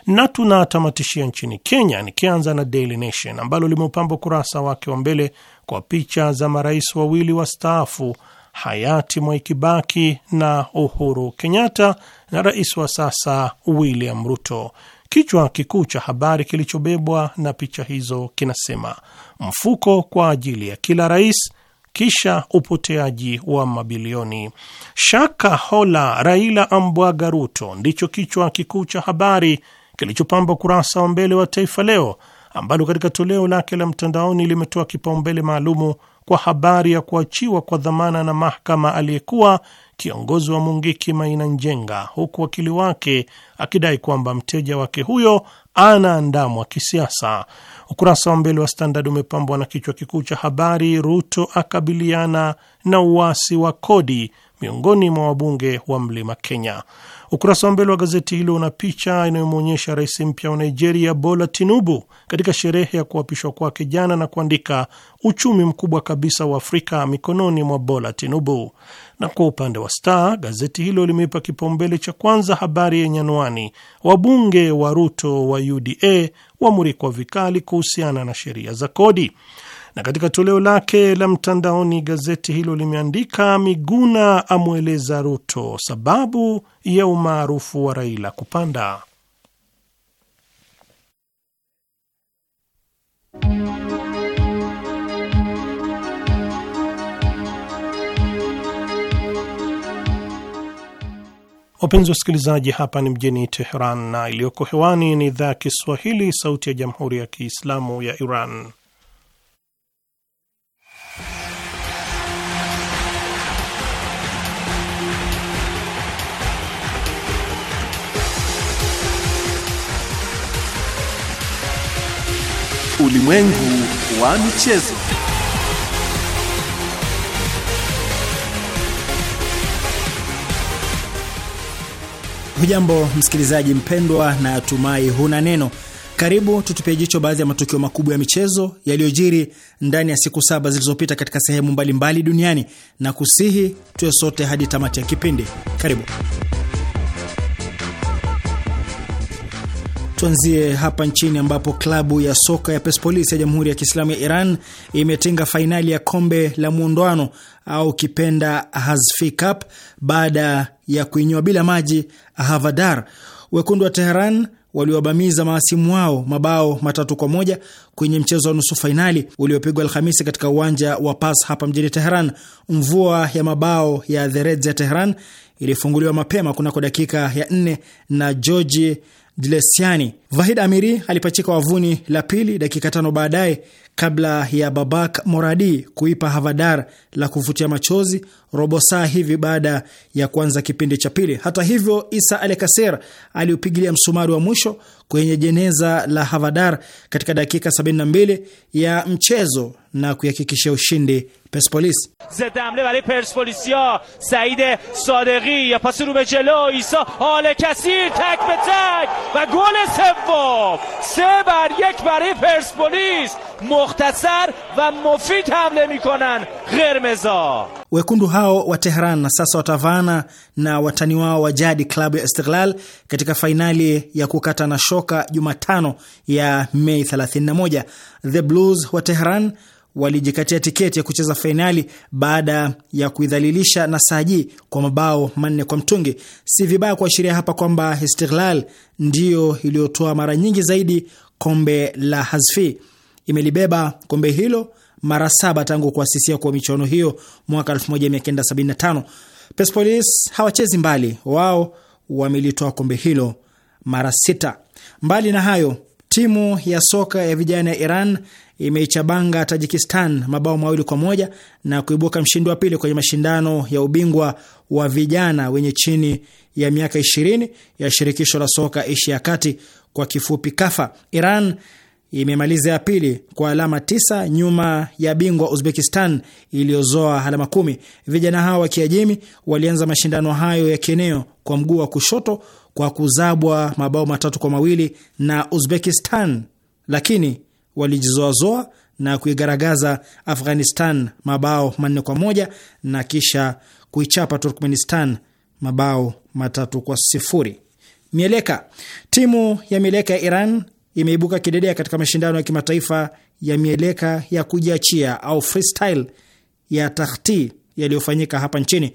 Na tunatamatishia nchini Kenya, nikianza na Daily Nation ambalo limeupamba ukurasa wake wa mbele kwa picha za marais wawili wastaafu hayati Mwai Kibaki na Uhuru Kenyatta na rais wa sasa William Ruto. Kichwa kikuu cha habari kilichobebwa na picha hizo kinasema mfuko kwa ajili ya kila rais kisha upoteaji wa mabilioni. Shaka hola Raila ambwaga Ruto ndicho kichwa kikuu cha habari kilichopamba ukurasa wa mbele wa Taifa Leo, ambalo katika toleo lake la mtandaoni limetoa kipaumbele maalumu kwa habari ya kuachiwa kwa dhamana na mahakama aliyekuwa kiongozi wa Mungiki Maina Njenga, huku wakili wake akidai kwamba mteja wake huyo anaandamwa kisiasa. Ukurasa wa mbele wa Standard umepambwa na kichwa kikuu cha habari, Ruto akabiliana na uasi wa kodi miongoni mwa wabunge wa mlima Kenya. Ukurasa wa mbele wa gazeti hilo una picha inayomwonyesha rais mpya wa Nigeria Bola Tinubu katika sherehe ya kuapishwa kwake jana na kuandika uchumi mkubwa kabisa wa Afrika mikononi mwa Bola Tinubu. Na kwa upande wa Star, gazeti hilo limeipa kipaumbele cha kwanza habari yenye anwani wabunge wa Ruto wa UDA wamurikwa vikali kuhusiana na sheria za kodi. Na katika toleo lake la mtandaoni gazeti hilo limeandika, Miguna amweleza Ruto sababu ya umaarufu wa Raila kupanda. Wapenzi wa wasikilizaji, hapa ni mjini Teheran na iliyoko hewani ni idhaa ya Kiswahili, sauti ya jamhuri ya kiislamu ya Iran. Ulimwengu wa michezo. Hujambo msikilizaji mpendwa, na tumai huna neno. Karibu tutupie jicho baadhi ya matukio makubwa ya michezo yaliyojiri ndani ya siku saba zilizopita katika sehemu mbalimbali mbali duniani, na kusihi tuwe sote hadi tamati ya kipindi. Karibu. Tuanzie hapa nchini ambapo klabu ya soka ya Persepolis ya Jamhuri ya Kiislamu ya Iran imetinga fainali ya kombe la muondoano au kipenda Hazfi Cup baada ya kuinywa bila maji Havadar. Wekundu wa Teheran waliwabamiza maasimu wao mabao matatu kwa moja kwenye mchezo wa nusu fainali uliopigwa Alhamisi katika uwanja wa Pas hapa mjini Teheran. Mvua ya mabao ya The Reds ya Teheran ilifunguliwa mapema kunako dakika ya nne na Georgi Dilesiani. Vahid Amiri alipachika wavuni la pili dakika tano baadaye kabla ya Babak Moradi kuipa Havadar la kuvutia machozi robo saa hivi baada ya kuanza kipindi cha pili. Hata hivyo, Isa Alekaser Kaser aliupigilia msumari wa mwisho kwenye jeneza la Havadar katika dakika 72 ya mchezo na kuihakikishia ushindi پرسپولیس ضد حمله برای پرسپولیسیا سعید صادقی یا پاس رو به جلو ایسا آل کثیر تک به تک و گل سوم سه بر یک برای پرسپولیس مختصر و مفید حمله میکنن قرمزا wekundu hao wa Tehran na sasa watavana na watani wao wa jadi klabu ya Istiklal katika fainali ya kukata na shoka Jumatano ya Mei 31. The Blues wa Tehran walijikatia tiketi ya kucheza fainali baada ya kuidhalilisha na Saji kwa mabao manne kwa mtungi. Si vibaya kuashiria hapa kwamba Istiklal ndiyo iliyotoa mara nyingi zaidi kombe la Hazfi. Imelibeba kombe hilo mara saba tangu kuasisia kwa michuano hiyo mwaka 1975. Persepolis hawachezi mbali, wao wamelitoa kombe hilo mara sita. Mbali na hayo, timu ya soka ya vijana ya Iran imeichabanga Tajikistan mabao mawili kwa moja na kuibuka mshindi wa pili kwenye mashindano ya ubingwa wa vijana wenye chini ya miaka ishirini ya shirikisho la soka Asia ya Kati kwa kifupi KAFA. Iran imemaliza ya pili kwa alama tisa nyuma ya bingwa Uzbekistan iliyozoa alama kumi. Vijana hao wa Kiajemi walianza mashindano hayo ya kieneo kwa mguu wa kushoto kwa kuzabwa mabao matatu kwa mawili na Uzbekistan, lakini walijizoazoa na kuigaragaza Afghanistan mabao manne kwa moja na kisha kuichapa Turkmenistan mabao matatu kwa sifuri. Mieleka. Timu ya mieleka ya Iran imeibuka kidedea katika mashindano ya kimataifa ya mieleka ya kujiachia au freestyle ya tahti yaliyofanyika hapa nchini.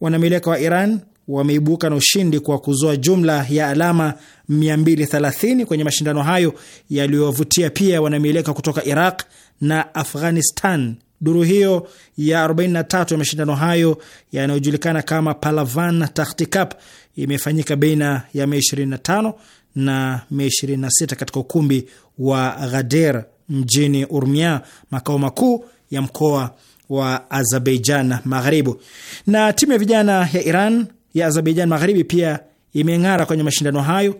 Wanamieleka wa Iran wameibuka na ushindi kwa kuzoa jumla ya alama 230 kwenye mashindano hayo yaliyovutia pia wanamieleka kutoka Iraq na Afghanistan. Duru hiyo ya 43 ya mashindano hayo yanayojulikana kama Palavan tahticap Cup imefanyika baina ya Mei 25 na Mei 26 katika ukumbi wa ghader mjini Urmia, makao makuu ya mkoa wa Azerbaijan Magharibu. Na timu ya vijana ya Iran ya Azerbaijan Magharibi pia imeng'ara kwenye mashindano hayo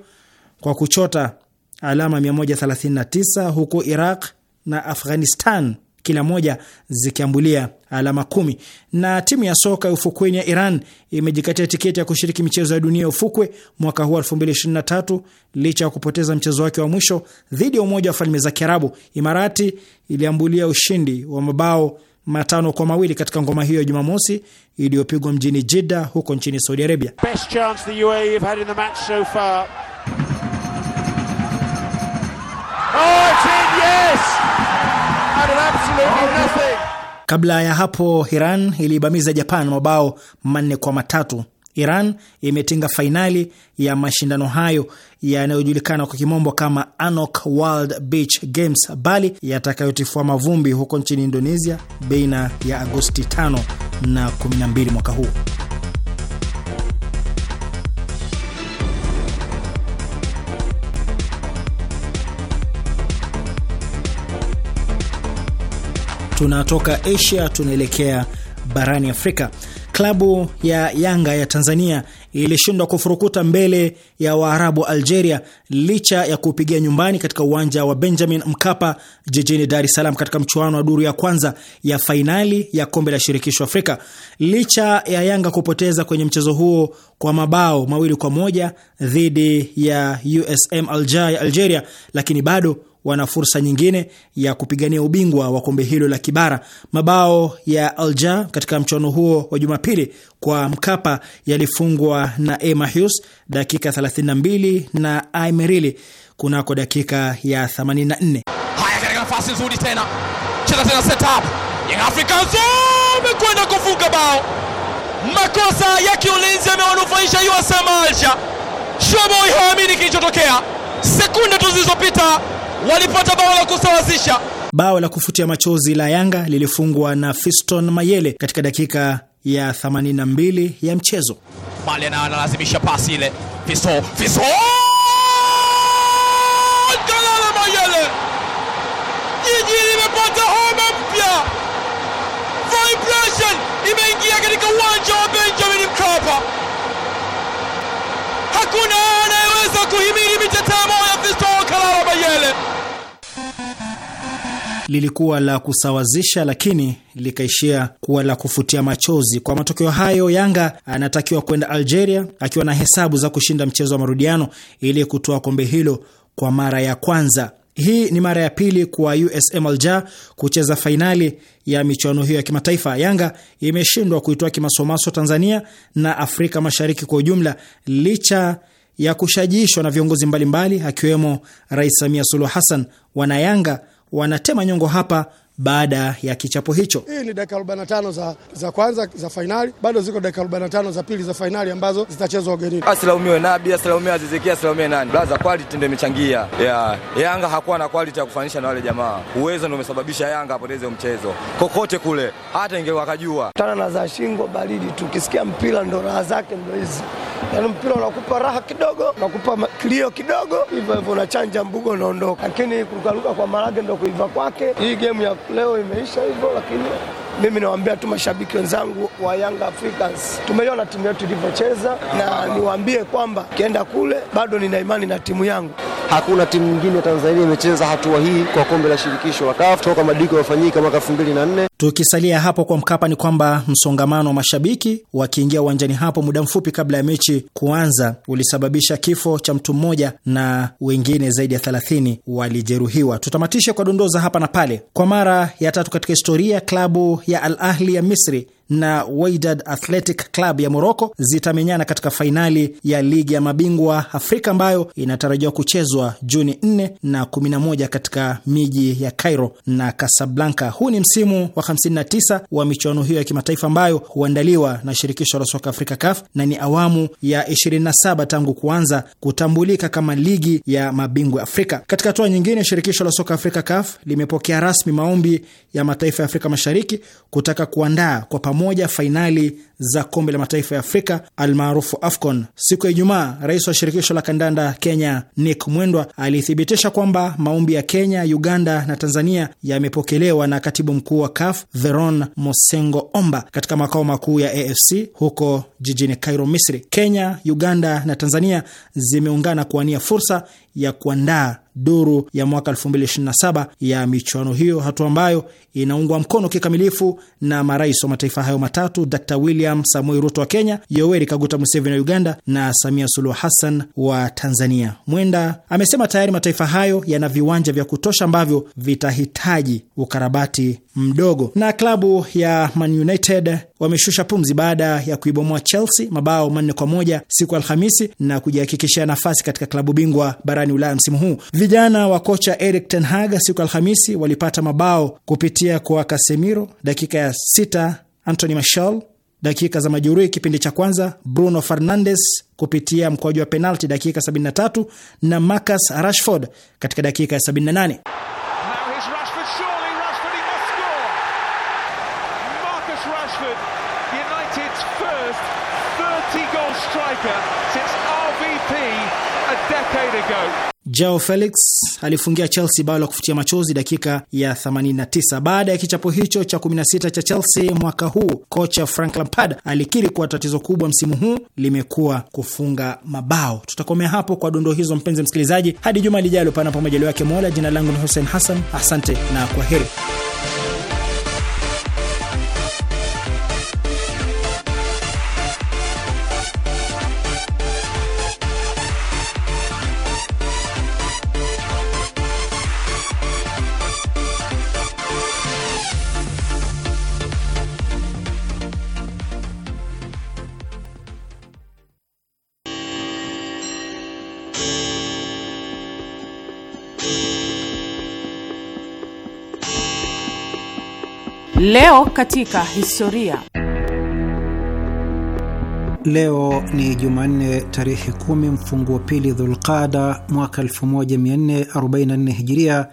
kwa kuchota alama 139 huku Iraq na Afghanistan kila moja zikiambulia alama kumi. Na timu ya soka ya ufukweni ya Iran imejikatia tiketi ya kushiriki michezo ya dunia ya ufukwe mwaka huu 2023 licha ya kupoteza mchezo wake wa mwisho dhidi ya Umoja wa Falme za Kiarabu. Imarati iliambulia ushindi wa mabao matano kwa mawili katika ngoma hiyo ya Jumamosi iliyopigwa mjini Jidda huko nchini Saudi Arabia. Best chance the UAE have had in the match so far. Oh, it's in, yes! absolutely nothing. Kabla ya hapo Iran iliibamiza Japan mabao manne kwa matatu. Iran imetinga fainali ya mashindano hayo yanayojulikana kwa kimombo kama ANOC World Beach Games Bali yatakayotifua mavumbi huko nchini Indonesia baina ya Agosti 5 na 12 mwaka huu. Tunatoka Asia tunaelekea barani Afrika klabu ya Yanga ya Tanzania ilishindwa kufurukuta mbele ya Waarabu Algeria licha ya kuupigia nyumbani katika uwanja wa Benjamin Mkapa jijini Dar es Salaam katika mchuano wa duru ya kwanza ya fainali ya kombe la shirikisho Afrika. Licha ya Yanga kupoteza kwenye mchezo huo kwa mabao mawili kwa moja dhidi ya USM Alger ya Algeria, lakini bado wana fursa nyingine ya kupigania ubingwa wa kombe hilo la kibara. Mabao ya Alja katika mchuano huo wa Jumapili kwa Mkapa yalifungwa na Emma Hughes dakika 32 na Aimerili kunako dakika ya 84. Haya, katika nafasi nzuri tena cheza tena setup ya Afrika amekwenda kufunga bao. Makosa ya kiulinzi yamewanufaisha USM Alja. Shomoi haamini kilichotokea sekunde tu zilizopita walipata bao la kusawazisha. Bao la kufutia machozi la Yanga lilifungwa na Fiston Mayele katika dakika ya 82 ya mchezo. Mali analazimisha pasi ile. Fiso, Fiso! Mayele. Jiji limepata homa mpya. Vibration imeingia katika uwanja wa Benjamin Mkapa. Hakuna anayeweza kuhimili mitetemo lilikuwa la kusawazisha, lakini likaishia kuwa la kufutia machozi. Kwa matokeo hayo, Yanga anatakiwa kwenda Algeria akiwa na hesabu za kushinda mchezo wa marudiano ili kutoa kombe hilo kwa mara ya kwanza. Hii ni mara ya pili kwa USM Alger kucheza fainali ya michuano hiyo ya kimataifa. Yanga imeshindwa kuitoa kimasomaso Tanzania na Afrika Mashariki kwa ujumla, licha ya kushajishwa na viongozi mbalimbali akiwemo Rais Samia Suluhu Hassan. Wanayanga wanatema nyongo hapa baada ya kichapo hicho. Hii ni dakika 45 za, za kwanza za fainali, bado ziko dakika 45 za pili za fainali ambazo zitachezwa ugenini. Asilaumiwe Nabi, asilaumiwe Azizikia, asilaumiwe nani, blaza quality ndio imechangia yeah. Yanga hakuwa na quality ya kufanisha na wale jamaa, uwezo ndio umesababisha Yanga apoteze mchezo kokote kule, hata ingekuwa kajua tana na za shingo baridi, tukisikia mpira ndo raha zake ndo hizi Yani, mpira unakupa raha kidogo, unakupa kilio kidogo, hivyo hivyo unachanja mbugo, unaondoka. Lakini kurukaruka kwa Marage ndo kuiva kwake. Hii game ya leo imeisha hivyo, lakini mimi nawaambia tu mashabiki wenzangu wa Young Africans, tumeiona timu yetu ilivyocheza, na niwaambie kwamba kienda kule bado nina imani na timu yangu. Hakuna timu nyingine Tanzania imecheza hatua hii kwa kombe la shirikisho la CAF toka mabadiliko yafanyika mwaka 2004. Tukisalia hapo kwa Mkapa, ni kwamba msongamano wa mashabiki wakiingia uwanjani hapo muda mfupi kabla ya mechi kuanza ulisababisha kifo cha mtu mmoja na wengine zaidi ya 30 walijeruhiwa. Tutamatishe kwa dondoza hapa na pale. Kwa mara ya tatu katika historia klabu يحيى الأهلي المصري na Wydad Athletic Club ya Morocco zitamenyana katika fainali ya ligi ya mabingwa Afrika ambayo inatarajiwa kuchezwa Juni 4 na 11 katika miji ya Cairo na Casablanca. Huu ni msimu wa 59 wa michuano hiyo ya kimataifa ambayo huandaliwa na shirikisho la soka Afrika CAF na ni awamu ya 27 tangu kuanza kutambulika kama ligi ya mabingwa Afrika. Katika hatua nyingine, shirikisho la soka Afrika CAF limepokea rasmi maombi ya mataifa ya Afrika Mashariki kutaka kuandaa kwa pamoja pamoja fainali za kombe la mataifa ya Afrika almaarufu AFCON. Siku ya Ijumaa, rais wa shirikisho la kandanda Kenya Nick Mwendwa alithibitisha kwamba maombi ya Kenya, Uganda na Tanzania yamepokelewa na katibu mkuu wa CAF Veron Mosengo Omba katika makao makuu ya AFC huko jijini Cairo, Misri. Kenya, Uganda na Tanzania zimeungana kuwania fursa ya kuandaa duru ya mwaka 2027 ya michuano hiyo, hatua ambayo inaungwa mkono kikamilifu na marais wa mataifa hayo matatu, Dr William Samoei Ruto wa Kenya, Yoweri Kaguta Museveni wa Uganda na Samia Suluhu Hassan wa Tanzania. Mwenda amesema tayari mataifa hayo yana viwanja vya kutosha ambavyo vitahitaji ukarabati mdogo. Na klabu ya Man United wameshusha pumzi baada ya kuibomoa Chelsea mabao manne kwa moja siku Alhamisi na kujihakikishia nafasi katika klabu bingwa barani barani Ulaya msimu huu. Vijana wa kocha eric ten Hag siku Alhamisi walipata mabao kupitia kwa Casemiro dakika ya sita, Anthony Martial dakika za majeruhi kipindi cha kwanza, Bruno Fernandes kupitia mkwaju wa penalti dakika 73 na Marcus Rashford katika dakika ya 78. Jao Felix alifungia Chelsea bao la kufutia machozi dakika ya 89. Baada ya kichapo hicho cha 16 cha Chelsea mwaka huu, kocha Frank Lampard alikiri kuwa tatizo kubwa msimu huu limekuwa kufunga mabao. Tutakomea hapo kwa dondoo hizo, mpenzi msikilizaji, hadi juma lijalo, panapo majaliwa yake Mola. Jina langu ni Hussein Hassan, asante na kwa heri. Leo katika historia. Leo ni Jumanne tarehe kumi mfunguo pili Dhulqada mwaka 1444 Hijiria,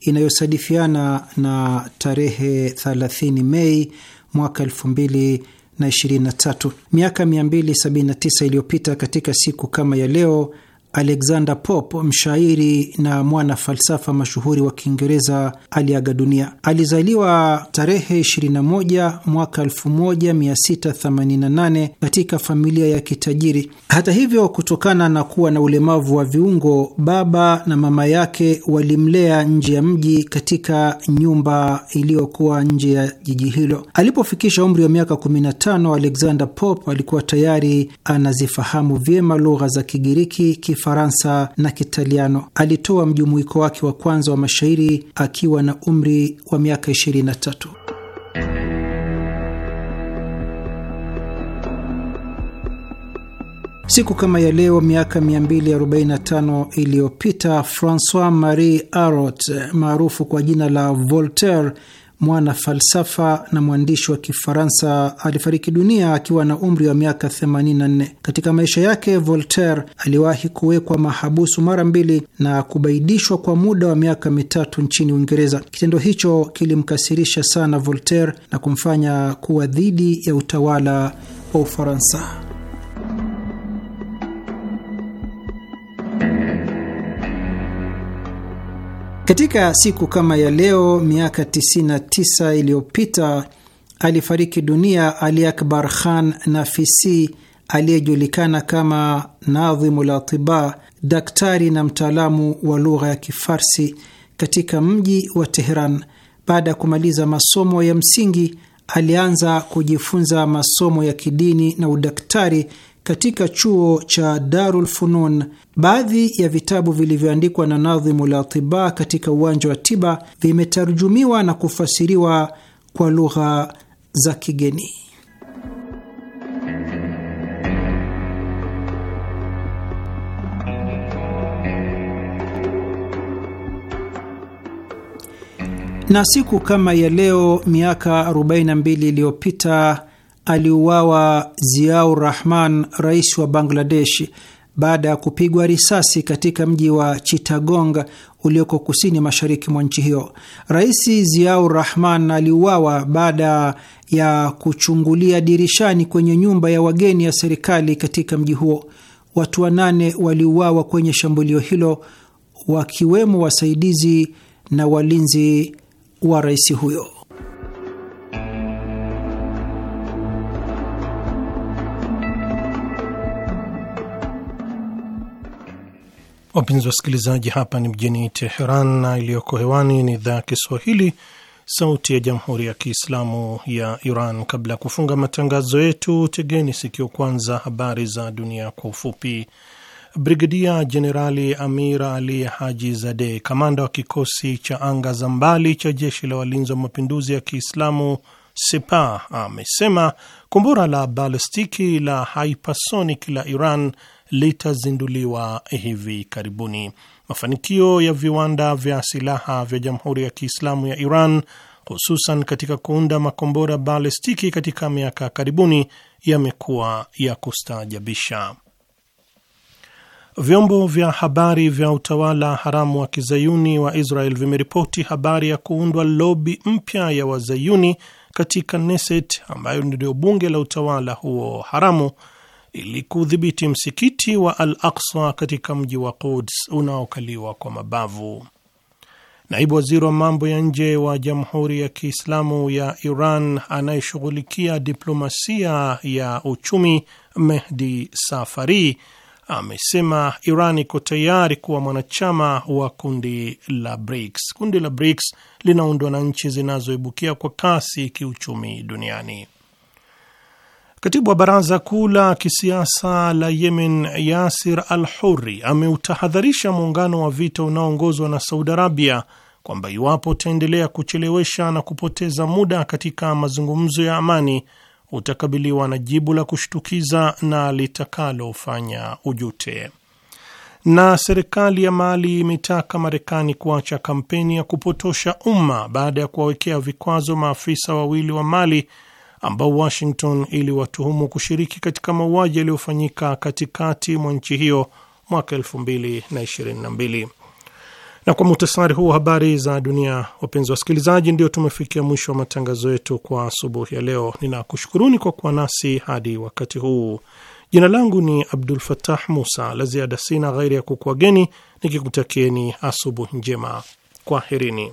inayosadifiana na tarehe 30 Mei mwaka 2023. Miaka 279 iliyopita katika siku kama ya leo Alexander Pope, mshairi na mwana falsafa mashuhuri wa Kiingereza, aliaga dunia. Alizaliwa tarehe 21 mwaka 1688 katika familia ya kitajiri. Hata hivyo, kutokana na kuwa na ulemavu wa viungo, baba na mama yake walimlea nje ya mji katika nyumba iliyokuwa nje ya jiji hilo. Alipofikisha umri wa miaka 15, Alexander Pope alikuwa tayari anazifahamu vyema lugha za Kigiriki, Kifaransa na Kitaliano. Alitoa mjumuiko wake wa kwanza wa mashairi akiwa na umri wa miaka 23. Siku kama ya leo miaka 245 iliyopita Francois Marie Arot maarufu kwa jina la Voltaire mwana falsafa na mwandishi wa Kifaransa alifariki dunia akiwa na umri wa miaka 84. Katika maisha yake, Voltaire aliwahi kuwekwa mahabusu mara mbili na kubaidishwa kwa muda wa miaka mitatu nchini Uingereza. Kitendo hicho kilimkasirisha sana Voltaire na kumfanya kuwa dhidi ya utawala wa Ufaransa. Katika siku kama ya leo miaka 99 iliyopita alifariki dunia Ali Akbar Khan Nafisi aliyejulikana kama Nadhimul Atiba, daktari na mtaalamu wa lugha ya Kifarsi katika mji wa Teheran. Baada ya kumaliza masomo ya msingi, alianza kujifunza masomo ya kidini na udaktari katika chuo cha Darul Funun. Baadhi ya vitabu vilivyoandikwa na Nadhimu la katika uwanja wa tiba vimetarjumiwa na kufasiriwa kwa lugha za kigeni. Na siku kama ya leo miaka 42 iliyopita aliuawa Ziaur Rahman, rais wa Bangladesh, baada ya kupigwa risasi katika mji wa Chittagong ulioko kusini mashariki mwa nchi hiyo. Rais Ziaur Rahman aliuawa baada ya kuchungulia dirishani kwenye nyumba ya wageni ya serikali katika mji huo. Watu wanane waliuawa kwenye shambulio hilo, wakiwemo wasaidizi na walinzi wa rais huyo. Wapenzi wasikilizaji, hapa ni mjini Teheran na iliyoko hewani ni idhaa ya Kiswahili, Sauti ya Jamhuri ya Kiislamu ya Iran. Kabla ya kufunga matangazo yetu, tegeni sikio kwanza habari za dunia kwa ufupi. brigedia Jenerali Amir Ali Haji Zade, kamanda wa kikosi cha anga za mbali cha jeshi la walinzi wa mapinduzi ya Kiislamu sepa amesema kombora la balistiki la hypersonic la Iran litazinduliwa hivi karibuni. Mafanikio ya viwanda vya silaha vya Jamhuri ya Kiislamu ya Iran hususan katika kuunda makombora balestiki katika miaka karibuni yamekuwa ya kustaajabisha. Vyombo vya habari vya utawala haramu wa kizayuni wa Israel vimeripoti habari ya kuundwa lobi mpya ya wazayuni katika Knesset, ambayo ndio bunge la utawala huo haramu ili kudhibiti msikiti wa Al aksa katika mji wa Quds unaokaliwa kwa mabavu. Naibu waziri wa mambo ya nje wa Jamhuri ya Kiislamu ya Iran anayeshughulikia diplomasia ya uchumi Mehdi Safari amesema Iran iko tayari kuwa mwanachama wa kundi la BRICS. Kundi la BRICS linaundwa na nchi zinazoibukia kwa kasi kiuchumi duniani. Katibu wa baraza kuu la kisiasa la Yemen, Yasir al Huri, ameutahadharisha muungano wa vita unaoongozwa na Saudi Arabia kwamba iwapo utaendelea kuchelewesha na kupoteza muda katika mazungumzo ya amani utakabiliwa na jibu la kushtukiza na litakalofanya ujute. Na serikali ya Mali imetaka Marekani kuacha kampeni ya kupotosha umma baada ya kuwawekea vikwazo maafisa wawili wa Mali ambao Washington iliwatuhumu kushiriki katika mauaji yaliyofanyika katikati mwa nchi hiyo mwaka 2022. Na kwa muhtasari huu habari za dunia, wapenzi wasikilizaji, ndio tumefikia mwisho wa matangazo yetu kwa asubuhi ya leo. Ninakushukuruni kwa kuwa nasi hadi wakati huu. Jina langu ni Abdul Fatah Musa. La ziada sina ghairi ya kukuageni nikikutakieni asubuhi njema. Kwaherini.